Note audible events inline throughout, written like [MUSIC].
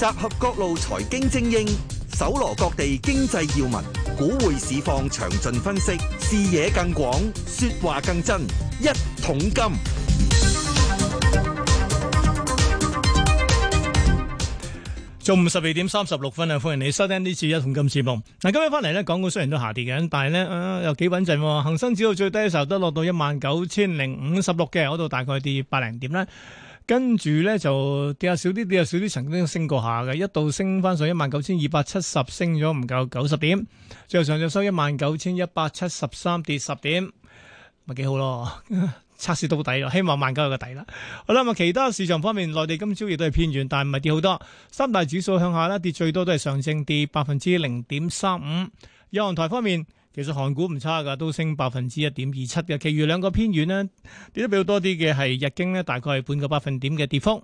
集合各路財經精英，搜羅各地經濟要聞，股匯市況詳盡分析，視野更廣，說話更真。一桶金。中午十二點三十六分啊，歡迎你收聽呢次一桶金節目。嗱，今日翻嚟咧，港股雖然都下跌緊，但係咧啊，又幾穩陣。恒生指數最低嘅時候都落到一萬九千零五十六嘅，嗰度大概跌百零點啦。跟住咧就跌下少啲，跌下少啲，曾經升過下嘅，一度升翻上一萬九千二百七十，升咗唔夠九十點，最後上晝收一萬九千一百七十三，跌十點，咪幾好咯，測試到底咯，希望萬九有個底啦。好啦，咁啊，其他市場方面，內地今朝亦都係偏軟，但係唔係跌好多。三大指數向下啦，跌最多都係上證跌百分之零點三五，有行台方面。其實韓股唔差噶，都升百分之一點二七嘅。其餘兩個偏遠呢，跌得比較多啲嘅係日經，呢大概係半個百分點嘅跌幅。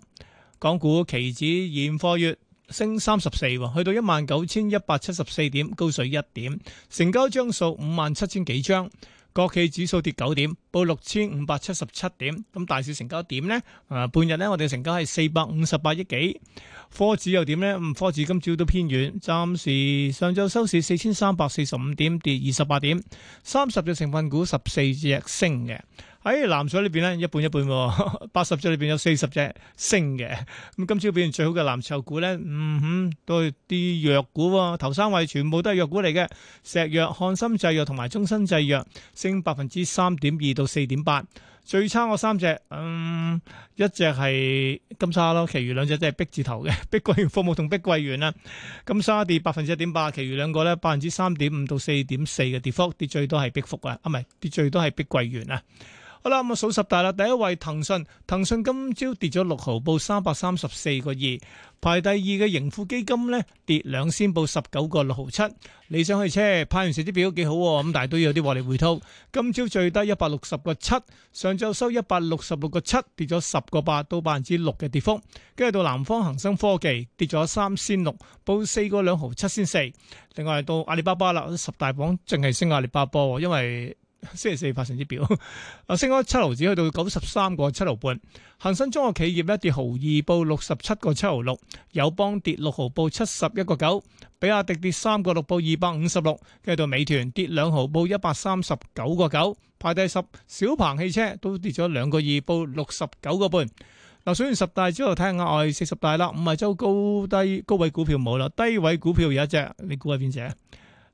港股期指現貨月升三十四，去到一萬九千一百七十四點，高水一點，成交張數五萬七千幾張。國企指數跌九點，報六千五百七十七點。咁大市成交點呢？啊、呃，半日咧，我哋成交係四百五十八億幾。科指又點呢？嗯，科指今朝都偏軟，暫時上晝收市四千三百四十五點，跌二十八點。三十隻成分股，十四隻升嘅。喺藍籌裏邊咧，一半一半喎，八十隻裏邊有四十隻升嘅。咁今朝表現最好嘅藍籌股咧，嗯哼，都係啲藥股喎。頭三位全部都係藥股嚟嘅，石藥、翰森製藥同埋中生製藥，升百分之三點二到四點八。最差嗰三隻，嗯，一隻係金沙咯，其餘兩隻都係碧字頭嘅，碧桂園服務同碧桂園啊。金沙跌百分之一點八，其餘兩個咧百分之三點五到四點四嘅跌幅，跌最多係碧服啊，啊唔係跌最多係碧桂園啊。好啦，咁數十大啦，第一位騰訊，騰訊今朝跌咗六毫，報三百三十四個二。排第二嘅盈富基金咧，跌兩仙報十九個六毫七。理想汽車派完成績表幾好喎，咁但係都有啲獲利回吐。今朝最低一百六十個七，上晝收一百六十六個七，跌咗十個八，到百分之六嘅跌幅。跟住到南方恒生科技跌咗三仙六，報四個兩毫七先四。另外到阿里巴巴啦，十大榜淨係升阿里巴巴，因為。星期四發成績表，啊升咗七毫子，去到九十三個七毫半。恒生中國企業跌毫二，報六十七個七毫六。友邦跌六毫，報七十一個九。比亞迪跌三個六，報二百五十六。跟住到美團跌兩毫，報一百三十九個九。排第十，小鵬汽車都跌咗兩個二，報六十九個半。嗱，所以十大之後睇下額外四十大啦。唔係，周高低高位股票冇啦，低位股票有一隻，你估係邊隻？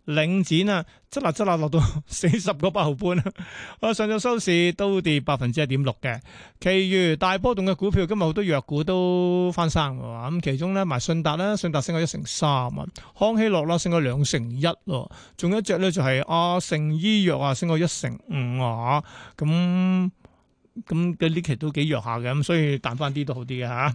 領展啊，執笠執笠落到四十個八毫半啊！我上晝收市都跌百分之一點六嘅。其餘大波動嘅股票今日好多弱股都翻生嘅嘛。咁其中咧，埋信達啦，信達升咗一成三啊。康熙落啦、啊，升咗兩成一咯。仲有一隻咧就係阿盛醫藥啊，乘藥升咗一成五啊。咁咁嘅呢期都幾弱下嘅，咁所以彈翻啲都好啲嘅吓。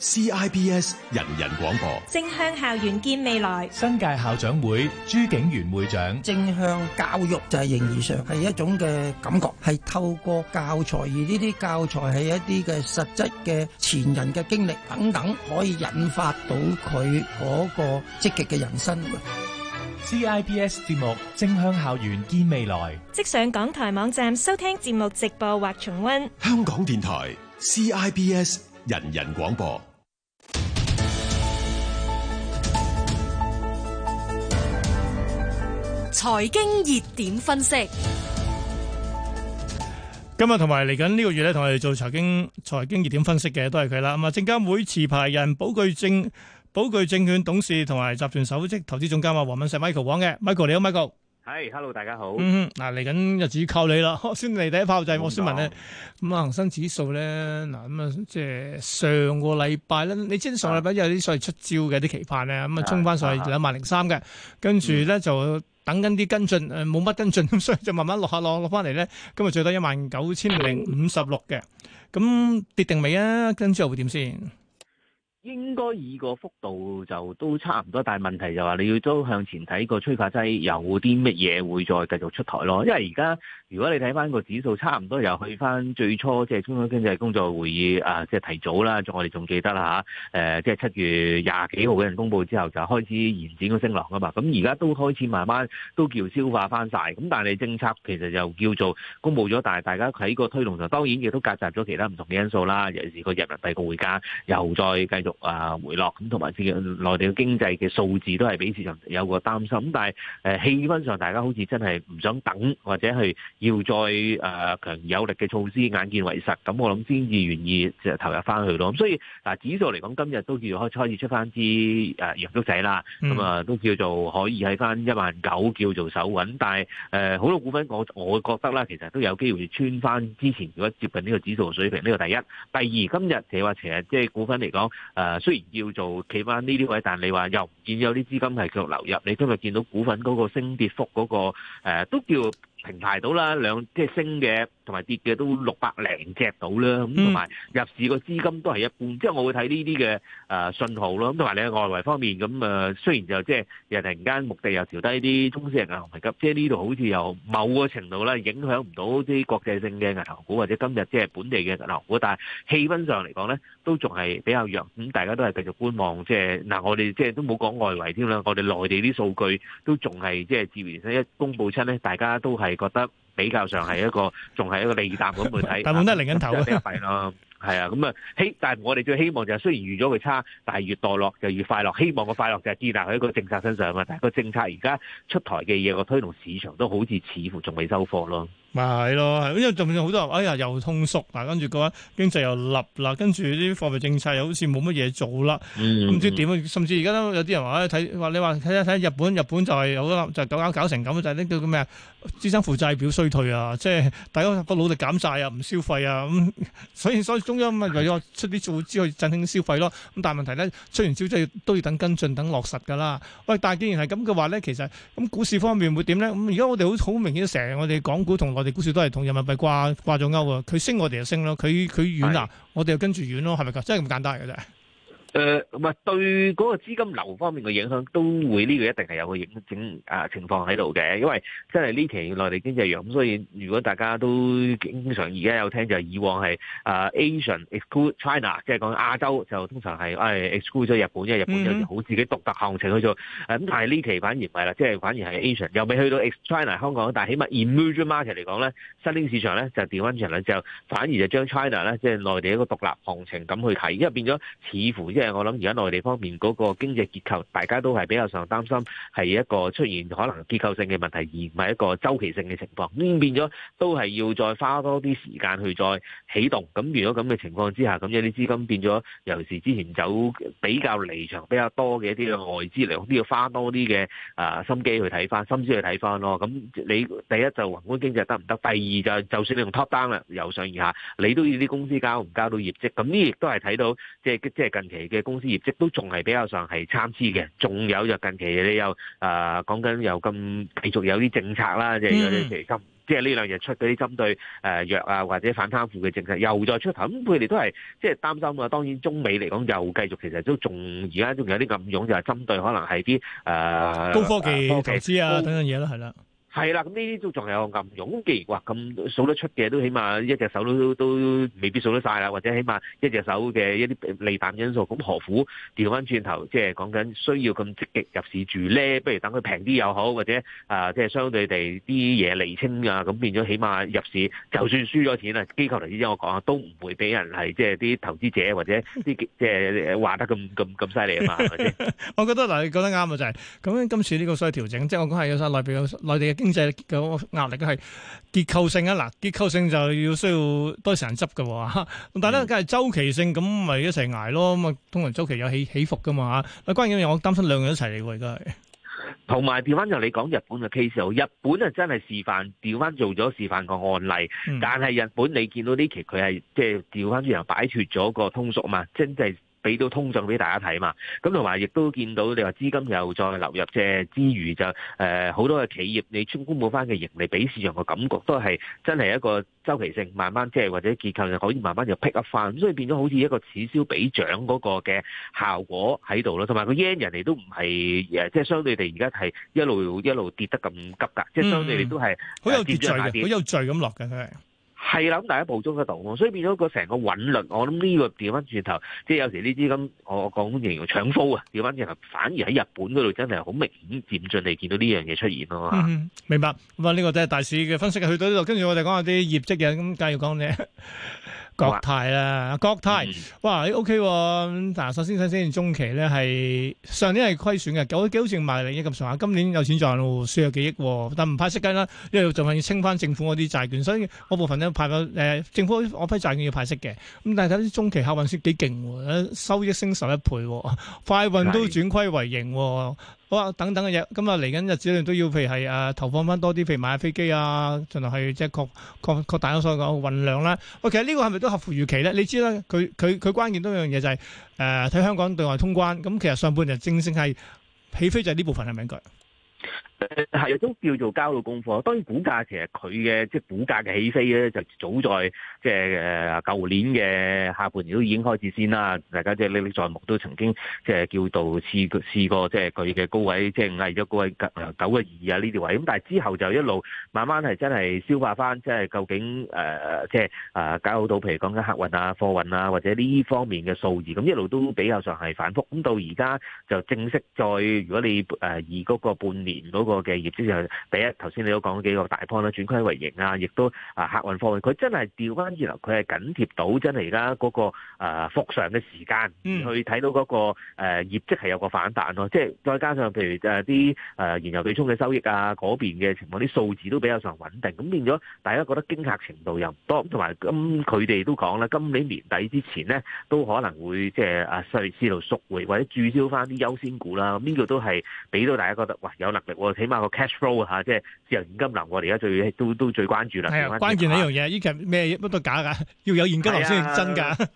CIBS 人人廣播，正向校園見未來。新界校長會朱景元會長，正向教育就係形而上係一種嘅感覺，係透過教材而呢啲教材係一啲嘅實質嘅前人嘅經歷等等，可以引發到佢嗰個積極嘅人生。CIBS 節目《正向校園見未來》，即上港台網站收聽節目直播或重温。香港電台 CIBS 人人廣播。財經熱點分析，今日同埋嚟緊呢個月咧，同我哋做財經財經熱點分析嘅都係佢啦。咁啊，證監會持牌人寶鉅證寶鉅證券董事同埋集團首席投資總監啊，黃敏碩 Michael 黃嘅，Michael 你好，Michael，係，hello 大家好。嗯，嗱嚟緊日子靠你啦，先嚟第一炮就係我先問你，咁啊恒生指數咧，嗱咁啊即係上個禮拜咧，你知上個禮拜有啲所謂出招嘅啲期盼咧，咁啊沖翻上去兩萬零三嘅，跟住咧就。等緊啲跟進，呃，冇乜跟進，咁所以就慢慢落下落落翻嚟咧。今日最多一萬九千零五十六嘅，咁跌定未啊？跟住又會點先？應該以個幅度就都差唔多，但係問題就話你要都向前睇個催化劑有啲乜嘢會再繼續出台咯。因為而家如果你睇翻個指數，差唔多又去翻最初即係、就是、中央經濟工作會議啊，即、就、係、是、提早啦，我哋仲記得啦嚇。誒，即係七月廿幾號嘅人公佈之後，就開始延展個升浪啊嘛。咁而家都開始慢慢都叫消化翻晒。咁但係政策其實又叫做公佈咗，但係大家喺個推動上當然亦都夾雜咗其他唔同嘅因素啦。尤其是個人民幣個匯價又再繼續。啊，回落咁，同埋自己內地嘅經濟嘅數字都係俾市場有個擔心咁，但係誒、呃、氣氛上大家好似真係唔想等，或者係要再誒、呃、強有力嘅措施眼見為實，咁我諗先至願意投入翻去咯。咁所以嗱、呃、指數嚟講，今日都叫做開始出翻啲誒陽燭仔啦，咁啊、嗯、都叫做可以喺翻一萬九叫做手穩，但係誒好多股份我我覺得啦，其實都有機會穿翻之前如果接近呢個指數嘅水平。呢、呢個第一，第二今日你話其實即係股份嚟講。誒雖然叫做企翻呢啲位，但你話又唔見有啲資金係繼續流入。你今日見到股份嗰個升跌幅嗰個誒，都叫平台到啦，兩即係升嘅。同埋跌嘅都六百零隻到啦，咁同埋入市個資金都係一半，即係我會睇呢啲嘅誒信號咯。咁同埋你喺外圍方面，咁誒雖然就即係人哋間目的又調低啲中資嘅銀行危急，即係呢度好似有某個程度咧影響唔到啲國際性嘅銀行股或者今日即係本地嘅銀行股，但係氣氛上嚟講咧，都仲係比較弱。咁大家都係繼續觀望，即係嗱，我哋即係都冇講外圍添啦，我哋內地啲數據都仲係即係自然一公布出咧，大家都係覺得。比較上係一個，仲係一個利淡咁去睇，但係冇得零跟頭嘅費咯，係啊，咁啊希，但係我哋最希望就係雖然預咗佢差，但係越墮落就越快樂，希望個快樂就係建立喺一個政策身上啊！但係個政策而家出台嘅嘢，個推動市場都好似似乎仲未收貨咯。咪係咯，因為就好多人哎呀又通縮嗱，跟住嘅話經濟又立啦，跟住啲貨幣政策又好似冇乜嘢做啦，唔、嗯嗯嗯、知點甚至而家都有啲人話，睇、哎、話你話睇下睇下日本，日本就係有得就搞、是、搞搞成咁，就係啲叫咩啊資產負債表衰退啊，即、就、係、是、大家個努力減債啊，唔消費啊咁、嗯。所以所以中央咪為咗出啲造紙去振興消費咯。咁但係問題咧，出完消息都要等跟進、等落實㗎啦。喂，但係既然係咁嘅話咧，其實咁股市方面會點咧？咁而家我哋好好明顯，成日我哋港股同。我哋股市都係同人民幣掛掛咗鈎啊！佢升是我哋就升咯，佢佢軟啊，我哋就跟住軟咯，係咪噶？真係咁簡單嘅啫。誒唔係，呃、對嗰個資金流方面嘅影響都會呢，這個一定係有個影整啊情況喺度嘅，因為真係呢期內地經濟弱，咁所以如果大家都經常而家有聽，就係以往係啊、呃、Asian exclude China，即係講亞洲就通常係、哎、exclude 咗日本，因為日本有啲好自己獨特行情去做。咁、mm hmm. 但係呢期反而唔係啦，即係反而係 Asian 又未去到 ex China 香港，但係起碼 emerging market 嚟講咧，新興市場咧就調翻轉嚟之後，反而就將 China 咧即係內地一個獨立行情咁去睇，因為變咗似乎。即係我諗，而家內地方面嗰個經濟結構，大家都係比較上擔心係一個出現可能結構性嘅問題，而唔係一個週期性嘅情況。咁變咗都係要再花多啲時間去再啟動。咁如果咁嘅情況之下，咁有啲資金變咗尤其是之前走比較離場比較多嘅一啲嘅外資嚟，都要花多啲嘅啊心機去睇翻，心思去睇翻咯。咁你第一就宏觀經濟得唔得？第二就就算你用 top down 啦，由上而下，你都要啲公司交唔交到業績？咁呢亦都係睇到，即係即係近期，嘅公司業績都仲係比較上係參差嘅，仲有就近期你又啊講緊又咁繼續有啲政策啦，即係嗰啲基金，即係呢兩日出嗰啲針對誒藥啊或者反貪腐嘅政策又再出頭，咁佢哋都係即係擔心啊。當然中美嚟講又繼續，其實都仲而家仲有啲暗湧，就係針對可能係啲誒高科技投資啊等等嘢咯，係啦。係啦，咁呢啲都仲係有暗湧。咁既然話咁數得出嘅，都起碼一隻手都都未必數得晒啦，或者起碼一隻手嘅一啲利淡因素，咁何苦調翻轉頭，即係講緊需要咁積極入市住咧？不如等佢平啲又好，或者啊，即、呃、係相對地啲嘢厘清啊，咁變咗起碼入市就算輸咗錢啦。機構嚟講，我講下都唔會俾人係即係啲投資者或者啲即係話得咁咁咁犀利啊嘛。 [LAUGHS] 我覺得嗱，你講得啱啊，就係咁今次呢個需要調整，即係我講係有曬內邊內地經濟嘅壓力係結構性啊，嗱，結構性就要需要多啲人執嘅，但係咧，梗係周期性，咁咪一齊挨咯。咁啊，通常周期有起起伏噶嘛吓。關鍵我擔心兩個一齊嚟喎，而家係。同埋調翻就你講日本嘅 case，日本啊真係示範調翻做咗示範個案例，但係日本你見到呢期佢係即係調翻之後擺脫咗個通縮嘛，真係。俾到通脹俾大家睇嘛，咁同埋亦都見到你話資金又再流入，即係之餘就誒好多嘅企業，你出公布翻嘅盈利，俾市場嘅感覺都係真係一個週期性，慢慢即係或者結構又可以慢慢又 pick up 翻，所以變咗好似一個此消彼長嗰個嘅效果喺度咯，同埋個 yen 人哋都唔係誒，即係相對地而家係一路一路跌得咁急㗎，即係相對地都係好有秩序嘅，好有序咁落緊佢。係諗大一步中嗰度，所以變咗個成個韻律。我諗呢個掉返轉頭，即係有時呢啲咁，我講形容搶夫啊，掉返轉頭反而喺日本嗰度真係好明顯漸進地見到呢樣嘢出現咯。嗯，明白。咁啊，呢個都係大市嘅分析，去到呢度，跟住我哋講下啲業績嘅。咁，梗係要講咧。國泰啦，國泰、嗯、哇，O K，但係首先睇先中期咧，係上年係虧損嘅，九幾好似賣利益咁上下，今年有錢賺，輸咗幾億，但唔派息緊啦，因為仲係要清翻政府嗰啲債券，所以我部分咧派咗，誒，政府嗰批債券要派息嘅，咁但係睇啲中期客運息幾勁，收益升十一倍，快運都轉虧為盈。好啊，等等嘅嘢，咁啊嚟緊日子裏都要，譬如係、啊、投放翻多啲，譬如買下飛機啊，儘量係即係擴擴擴，擴擴大咗所講嘅運量啦、啊。喂，其實呢個係咪都合乎預期咧？你知啦，佢佢佢關鍵都一樣嘢就係、是、睇、呃、香港對外通關。咁、嗯、其實上半日正正係起飛就係呢部分係咪應係都叫做交到功課。當然股價其實佢嘅即係股價嘅起飛咧，就早在即係誒舊年嘅下半年都已經開始先啦。大家即係歷歷在目，都曾經即係叫做試試過，即係佢嘅高位，即係壓咗高位九個二啊呢啲位。咁但係之後就一路慢慢係真係消化翻，即係究竟誒即係啊搞到譬如講緊客運啊、貨運啊或者呢方面嘅數字，咁一路都比較上係反覆。咁到而家就正式再，如果你誒以嗰個半年嗰個嘅業績又俾一頭先，你都講咗幾個大方啦，轉虧為盈、那個呃那個呃、啊，亦都啊客運方面，佢真係調翻依嚟，佢係緊貼到真係而家嗰個誒復常嘅時間，去睇到嗰個誒業績係有個反彈咯。即係再加上譬如誒啲誒燃油對沖嘅收益啊，嗰邊嘅情況啲數字都比較上穩定，咁變咗大家覺得驚嚇程度又唔多。同埋咁佢哋都講咧，今年年底之前咧都可能會即係啊，再試路贖回或者註銷翻啲優先股啦。呢個都係俾到大家覺得哇，有能力喎、哦！起碼個 cash flow 嚇，即係自由現金流，我哋而家最都都最關注啦。係啊，關鍵係一樣嘢，呢其實咩乜都假㗎，要有現金流先係真㗎。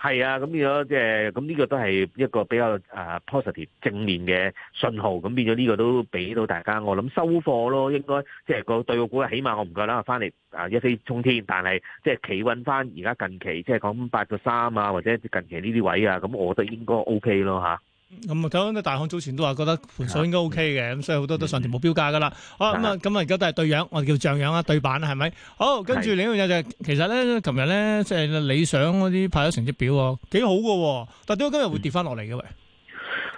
係啊，咁變咗即係咁呢個都係一個比較誒 positive 正面嘅信號。咁變咗呢個都俾到大家。我諗收貨咯，應該即係個對個股，起碼我唔夠膽返嚟啊一飛沖天。但係即係企穩返，而家近期即係講八個三啊，或者近期呢啲位啊，咁我覺得應該 OK 咯嚇。咁睇翻啲大行早前都話覺得盤數應該 O K 嘅，咁、嗯、所以好多都上調目標價噶啦。嗯、好咁啊，咁啊而家都係對樣，我哋叫象樣啦，對版啦，係咪？好，跟住另一樣嘢就係、是、是其實咧，琴日咧即係理想嗰啲派咗成績表喎，幾好㗎喎，但點解今日會跌翻落嚟嘅？嗯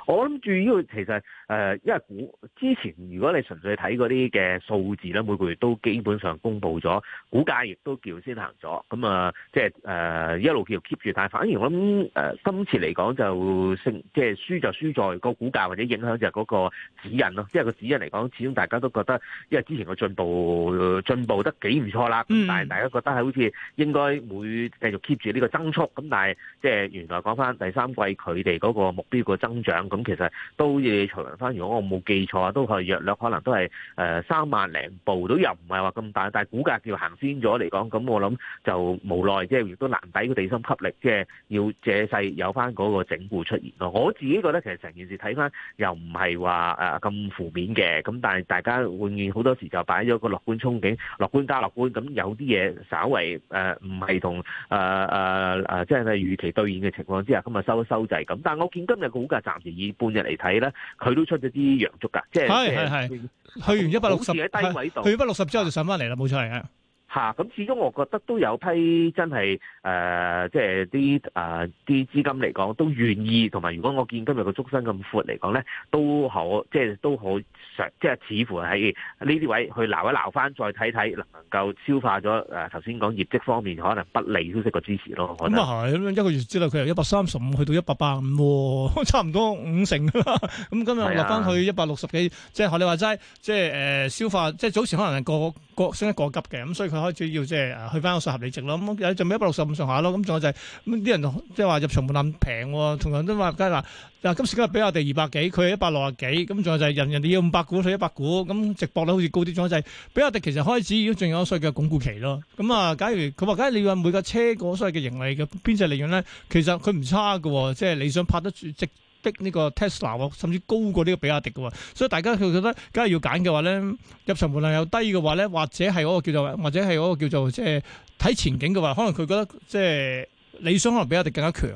我諗住呢個其實誒、呃，因為股之前如果你純粹睇嗰啲嘅數字咧，每個月都基本上公布咗，股價亦都叫先行咗，咁啊，即係誒一路叫 keep 住，但係反而我諗、呃、今次嚟講就升，即係輸就輸在個股價或者影響就係嗰個指引咯，即係個指引嚟講，始終大家都覺得因為之前個進步進、呃、步得幾唔錯啦，但係大家覺得係好似應該會繼續 keep 住呢個增速，咁但係即係原來講返第三季佢哋嗰個目標個增長。咁其實都要重陽翻。如果我冇記錯啊，都係約略可能都係誒三萬零步，都又唔係話咁大。但係股價叫行先咗嚟講，咁我諗就無奈，即係亦都難抵個地心吸力，即係要借勢有翻嗰個整固出現咯。我自己覺得其實成件事睇翻又唔係話誒咁負面嘅。咁但係大家永遠好多時就擺咗個樂觀憧憬，樂觀加樂觀。咁有啲嘢稍為誒唔係同誒誒誒，即係佢預期兌現嘅情況之下，咁啊收一收滯咁。但係我見今日個股價暫時。以半日嚟睇咧，佢都出咗啲陽燭噶，即係係係。去完一百六十，去一百六十之後就上翻嚟啦，冇錯係啊。咁始終我覺得都有批真係誒、呃，即係啲誒啲資金嚟講都願意，同埋如果我見今日個燭身咁闊嚟講咧，都好，即係都好，即係似乎喺呢啲位去撈一撈翻，再睇睇能唔能夠消化咗誒頭先講業績方面可能不利消息嘅支持咯。咁啊係，咁一個月之內佢由一百三十五去到一百八十五，差唔多五成咁、嗯、今日落翻去一百六十幾，啊、即係學你話齋，即係、呃、消化，即係早前可能係過過升得過急嘅，咁、嗯、所以佢。開始要即、就、係、是啊、去翻個合理值咯，咁就咪一百六十五上下咯，咁、嗯、仲有就係、是、啲人即係話入場冇咁平，同樣都話，即係嗱，嗱、啊、今時今日比亞迪二百幾，佢係一百六十幾，咁、嗯、仲有就係人人哋要五百股，佢一百股，咁、嗯、值博率好似高啲，仲、嗯、有就係、是、比亞迪其實開始已都仲有所謂嘅鞏固期咯。咁、嗯、啊，假如佢話，假如你話每個車所謂嘅盈利嘅編制利潤咧，其實佢唔差嘅、哦，即、就、係、是、你想拍得住的呢個 Tesla 甚至高過呢個比亞迪嘅喎，所以大家佢覺得，梗係要揀嘅話咧，入場門檻又低嘅話咧，或者係嗰個叫做，或者係嗰個叫做即係睇前景嘅話，可能佢覺得即係。理想可能比亞迪更加強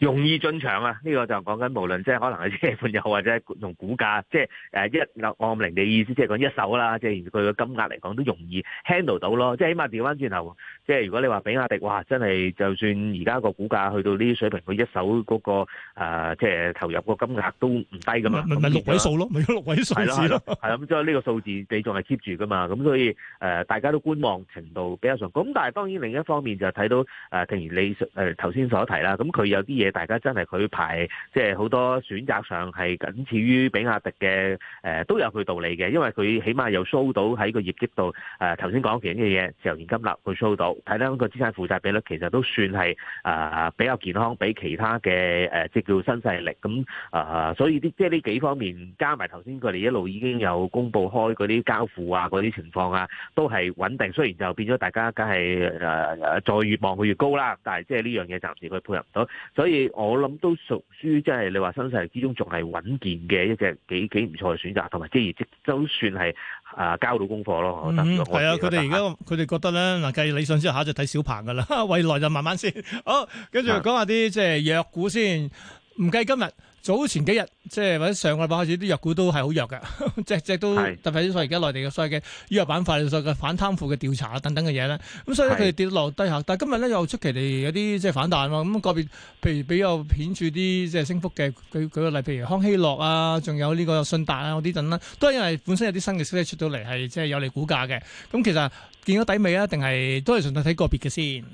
容易進場啊！呢、這個就講緊無論即係可能係借盤又或者用股價，即係誒一按零，嘅意思即係講一手啦，即係佢個金額嚟講都容易 handle 到咯。即係起碼調翻轉頭，即係如果你話比亞迪，哇！真係就算而家個股價去到呢啲水平，佢一手嗰、那個、呃、即係投入個金額都唔低噶嘛。咪咪六位數咯，咪六位數咯。係啦，咁即係呢個數字你仲係 keep 住噶嘛？咁所以誒、呃，大家都觀望程度比較重。咁但係當然另一方面就係睇到誒，譬、呃、如你。誒頭先所提啦，咁佢有啲嘢大家真係佢排，即係好多選擇上係僅次於比亞迪嘅，誒、呃、都有佢道理嘅，因為佢起碼又 show 到喺個業績度，誒頭先講其嘅嘢，自由現金流佢 show 到，睇翻個資產負債比率其實都算係啊、呃、比較健康，比其他嘅誒即叫新勢力咁啊、呃，所以啲即係呢幾方面加埋頭先佢哋一路已經有公布開嗰啲交付啊嗰啲情況啊，都係穩定，雖然就變咗大家梗係誒誒再越望佢越高啦，但係，即係呢樣嘢暫時佢配合唔到，所以我諗都屬於即係你話新勢之中仲係穩健嘅一隻幾幾唔錯嘅選擇，同埋即係亦都算係啊交到功課咯。我覺得係啊，佢哋而家佢哋覺得咧嗱，計理想之後就睇小鵬㗎喇，未來就慢慢先。好，跟住講下啲即係弱股先。唔計今日早前幾日，即係或者上個禮拜開始啲藥股都係好弱嘅，隻隻都是特別係因為而家內地嘅所謂嘅醫藥板塊嘅反貪腐嘅調查啊等等嘅嘢咧，咁所以佢跌落低下。是但係今日咧又出奇地有啲即係反彈喎，咁個別譬如比較顯著啲即係升幅嘅，舉舉個例譬如康希諾啊，仲有呢個信達啊嗰啲等等，都係因為本身有啲新嘅消息，息出到嚟係即係有利股價嘅。咁其實見到底尾啊，定係都係純粹睇個別嘅先。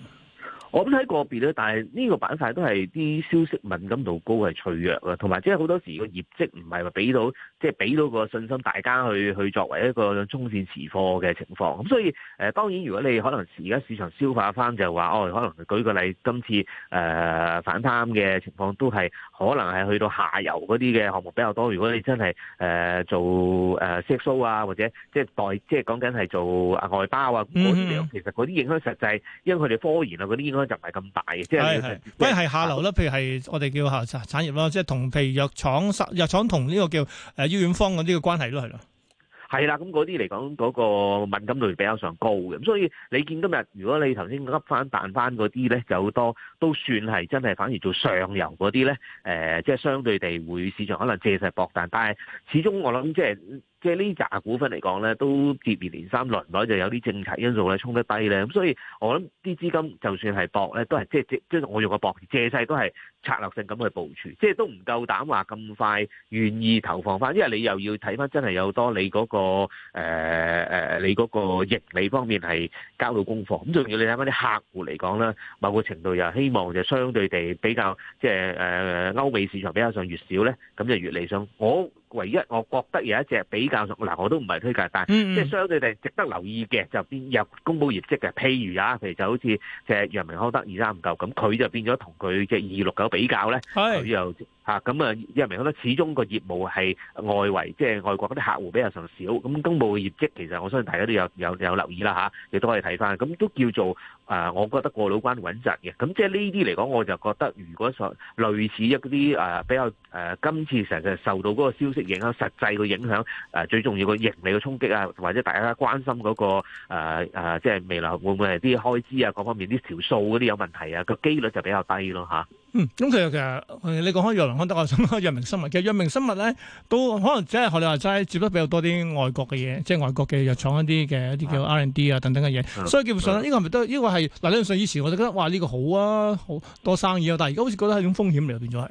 我諗睇個別咧，但係呢個板塊都係啲消息敏感度高，係脆弱嘅。同埋即係好多時個業績唔係話俾到，即係俾到個信心大家去去作為一個中線持貨嘅情況。咁所以誒、呃，當然如果你可能而家市場消化翻就話，哦，可能舉個例，今次誒、呃、反貪嘅情況都係可能係去到下游嗰啲嘅項目比較多。如果你真係誒、呃、做誒息數啊，或者即係代即係講緊係做外包啊嗰啲嚟，嗯、哼其實嗰啲影響實際，因為佢哋科研啊嗰啲就唔係咁大嘅，即係的，係係的唔係下流啦。係的譬如係我哋叫下產產業咯，即係同譬如藥廠、藥廠同呢個叫誒醫院方嗰啲嘅關係都係咯，係啦。咁嗰啲嚟講，嗰、嗰個敏感度比較上高嘅。咁所以你見今日，如果你頭先噏翻彈翻嗰啲咧，就好多都算係真係，反而做上游嗰啲咧，誒、呃，即、就、係、是、相對地會市場可能借勢博彈，但係始終我諗即係。即係呢扎股份嚟講咧，都接連連三輪來,來就有啲政策因素咧，衝得低咧。咁所以，我諗啲資金就算係博咧，都係即係即即係我用個博借勢，都係策略性咁去部署，即、就、係、是、都唔夠膽話咁快願意投放翻，因為你又要睇翻真係有多你嗰、那個誒、呃、你嗰個盈利方面係交到功課。咁仲要你睇翻啲客戶嚟講咧，某個程度又希望就相對地比較即係誒歐美市場比較上越少咧，咁就越理想我。唯一我覺得有一隻比較，嗱我都唔係推介，但係即係相對地值得留意嘅就變入公佈業績嘅，譬如啊，譬如就好似隻藥明康德二三五九咁，佢就變咗同佢隻二六九比較咧，佢又。咁啊！因為我覺得始終個業務係外圍，即係外國嗰啲客戶比較上少。咁公佈嘅業績其實我相信大家都有有有留意啦吓，亦都可以睇翻。咁都叫做誒，我覺得過老關穩陣嘅。咁即係呢啲嚟講，我就覺得如果上類似一啲誒比較誒，今次成日受到嗰個消息影響，實際個影響誒最重要個盈利嘅衝擊啊，或者大家關心嗰個誒即係未來會唔會係啲開支啊各方面啲條數嗰啲有問題啊，個機率就比較低咯吓。啊嗯，咁、嗯、其實其實你講開藥明康德，我想開藥明生物。其實藥明生物咧，都可能只係學你話齋接得比較多啲外國嘅嘢，即係外國嘅藥廠一啲嘅一啲叫 R&D 啊等等嘅嘢。啊、所以基本上呢、啊、個係咪都呢、呢個係嗱？理論上以前我就覺得哇呢、呢個好啊，好多生意啊，但係而家好似覺得係種風險嚟、啊，變咗係。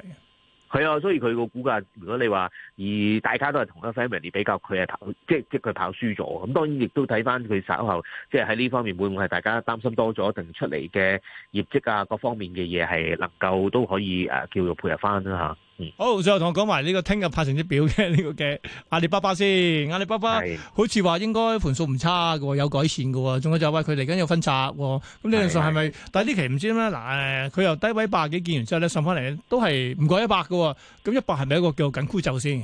係啊，所以佢個估價，如果你話。而大家都係同一 family 比較，佢係跑即係即係佢跑輸咗。咁當然亦都睇翻佢稍後即係喺呢方面會唔會係大家擔心多咗，定出嚟嘅業績啊各方面嘅嘢係能夠都可以誒、啊、叫做配合翻啦嚇。嗯、好，最後同我講埋呢個聽日派成績表嘅呢、呢個嘅阿里巴巴先。阿里巴巴的好似話應該盤數唔差嘅，有改善嘅喎。仲有就係佢嚟緊有分拆喎。咁呢樣嘢係咪？的但係呢期唔知咩嗱，誒佢由低位百廿幾見完之後咧，上翻嚟都係唔過一百嘅喎。咁一百係咪一個叫做緊箍咒先？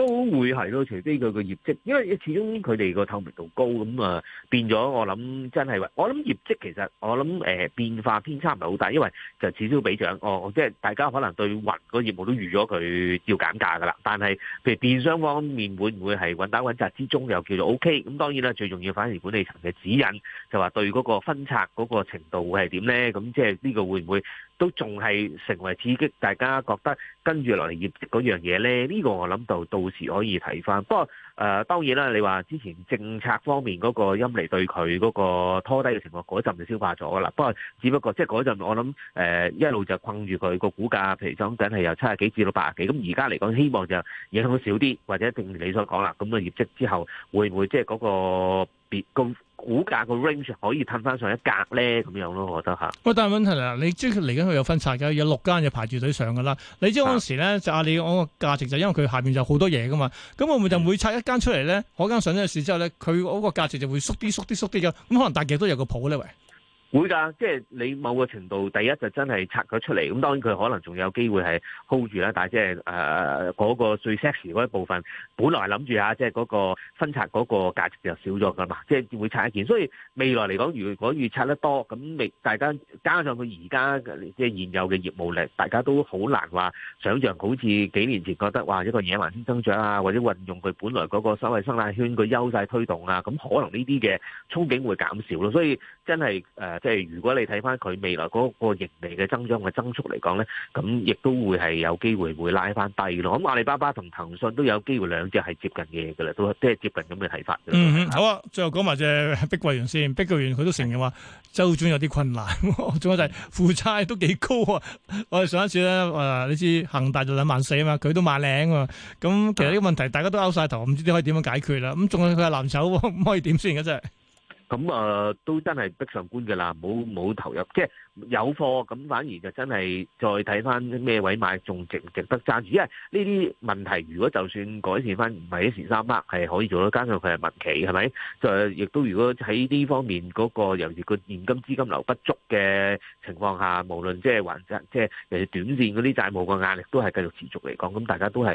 都會係咯，除非佢個業績，因為始終佢哋個透明度高，咁啊、呃、變咗我諗真係，我諗業績其實我諗誒、呃、變化偏差唔係好大，因為就此消彼長，哦即係大家可能對運個業務都預咗佢要減價㗎啦。但係譬如電商方面會唔會係穩打穩紮之中又叫做 OK？咁當然啦，最重要反而管理層嘅指引就話對嗰個分拆嗰個程度會係點咧？咁即係呢個會唔會都仲係成為刺激大家覺得跟住落嚟業績嗰樣嘢咧？呢、這個我諗就到。時可以睇翻，不過誒、呃、當然啦，你話之前政策方面嗰個陰嚟對佢嗰個拖低嘅情況，嗰陣就消化咗啦。不過只不過即係嗰陣我諗誒、呃、一路就困住佢個股價，譬如講緊係由七十幾至到八十幾。咁而家嚟講，希望就影響少啲，或者正如你所講啦，咁嘅業績之後會唔會即係嗰個別高？別股價個 range 可以褪翻上一格咧，咁樣咯，我覺得嚇。喂，但係問題啦，你即係嚟緊佢有分拆嘅，有六間就排住隊上嘅啦。你知係嗰時咧，啊、就阿你嗰個價值就因為佢下面就好多嘢噶嘛。咁我唔就每拆一間出嚟咧，嗰、嗯、間上咗市之後咧，佢嗰個價值就會縮啲、縮啲、縮啲嘅。咁可能大極都有個譜咧，喂。會㗎，即係你某個程度，第一就真係拆咗出嚟，咁當然佢可能仲有機會係 hold 住啦。但係即係誒嗰個最 sexy 嗰一部分，本來諗住啊，即係嗰個分拆嗰個價值就少咗㗎嘛，即係會拆一件。所以未來嚟講，如果預測得多，咁未大家加上佢而家即係現有嘅業務力，大家都好難話想像，好似幾年前覺得哇一個野蠻先增長啊，或者運用佢本來嗰個所謂生態圈個優勢推動啊，咁可能呢啲嘅憧憬會減少咯。所以真係誒即係如果你睇翻佢未來嗰個盈利嘅增長嘅增速嚟講咧，咁亦都會係有機會會拉翻低咯。咁阿里巴巴同騰訊都有機會兩隻係接近嘅啦，都都係接近咁嘅睇法。嗯，好啊，最後講埋隻碧桂園先，碧桂園佢都承認話周轉有啲困難，仲有就係負債都幾高啊！我哋上一次咧，誒你知恒大就兩萬四啊嘛，佢都萬零啊嘛。咁其實呢個問題大家都拗晒頭，唔知可以點樣解決啦。咁仲有佢係藍籌喎，唔可以點先？而家真係。咁啊、呃，都真係逼上官㗎啦，冇冇投入，即係。有貨咁反而就真係再睇翻咩位買，仲值唔值得揸住？因為呢啲問題，如果就算改善翻，唔係一時三刻係可以做到。加上佢係民企，係咪？就亦都如果喺呢方面嗰個尤其是個現金資金流不足嘅情況下，無論即係還債，即係誒短線嗰啲債務個壓力都係繼續持續嚟講，咁大家都係誒誒，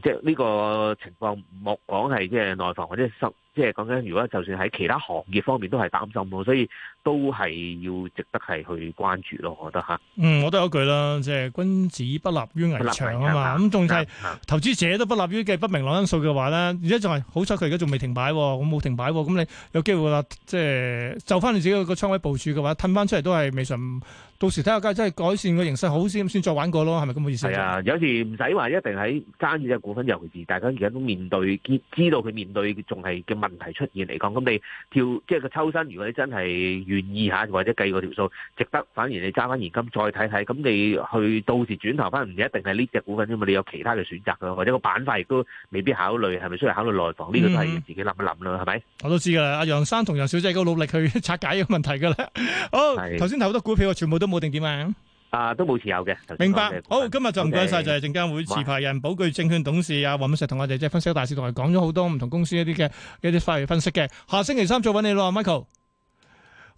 即係呢個情況莫講係即係內房或者收，即係講緊如果就算喺其他行業方面都係擔心咯，所以都係要值得係。去關注咯，我覺得吓，嗯，我都有一句啦，即係君子不立於危牆啊嘛。咁仲係投資者都不立於嘅不明朗因素嘅話咧，而家仲係好彩佢而家仲未停擺，我冇停擺。咁你有機會啦，即係就翻你自己個倉位部署嘅話，褪翻出嚟都係未神。到時睇下，改真係改善個形勢好先，先再玩過咯，係咪咁嘅意思？係啊，有時唔使話一定喺爭住隻股份，尤其是大家而家都面對，知知道佢面對仲係嘅問題出現嚟講，咁你跳即係個抽身，如果你真係願意吓，或者計個條數值得，反而你揸翻現金再睇睇，咁你去到時轉頭翻唔一定係呢隻股份啫嘛，你有其他嘅選擇㗎，或者個板塊亦都未必考慮，係咪需要考慮內房？呢個都係要自己諗一諗啦，係咪？我都知㗎啦，阿楊生同楊小姐咁努力去拆解個問題㗎啦。好，頭先睇好多股票，全部都。冇定點啊！啊，都冇持有嘅。明白。好，嗯、今日就唔該晒。Okay, 就係證監會持牌人、保哇具證券董事阿黃敏碩同我哋即係分析大師同佢講咗好多唔同公司一啲嘅一啲法律分析嘅。下星期三再揾你咯，Michael。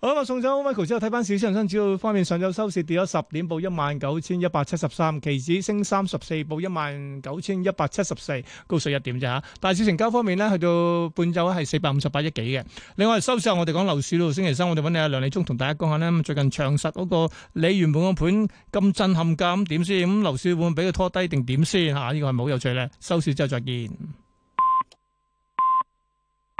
好啦，送走 Michael 之後市，睇翻小小恒生主要方面，上晝收市跌咗十點，報一萬九千一百七十三，期指升三十四，報一萬九千一百七十四，高水一點啫吓。大市成交方面咧，去到半晝係四百五十八億幾嘅。另外收市後我哋講樓市啦，星期三我哋揾你阿梁利忠同大家講下咧，最近長實嗰個你原本個盤咁震撼㗎，咁點先？咁樓市會唔會俾佢拖低定點先？吓，呢、啊這個係冇有趣咧。收市之後再見。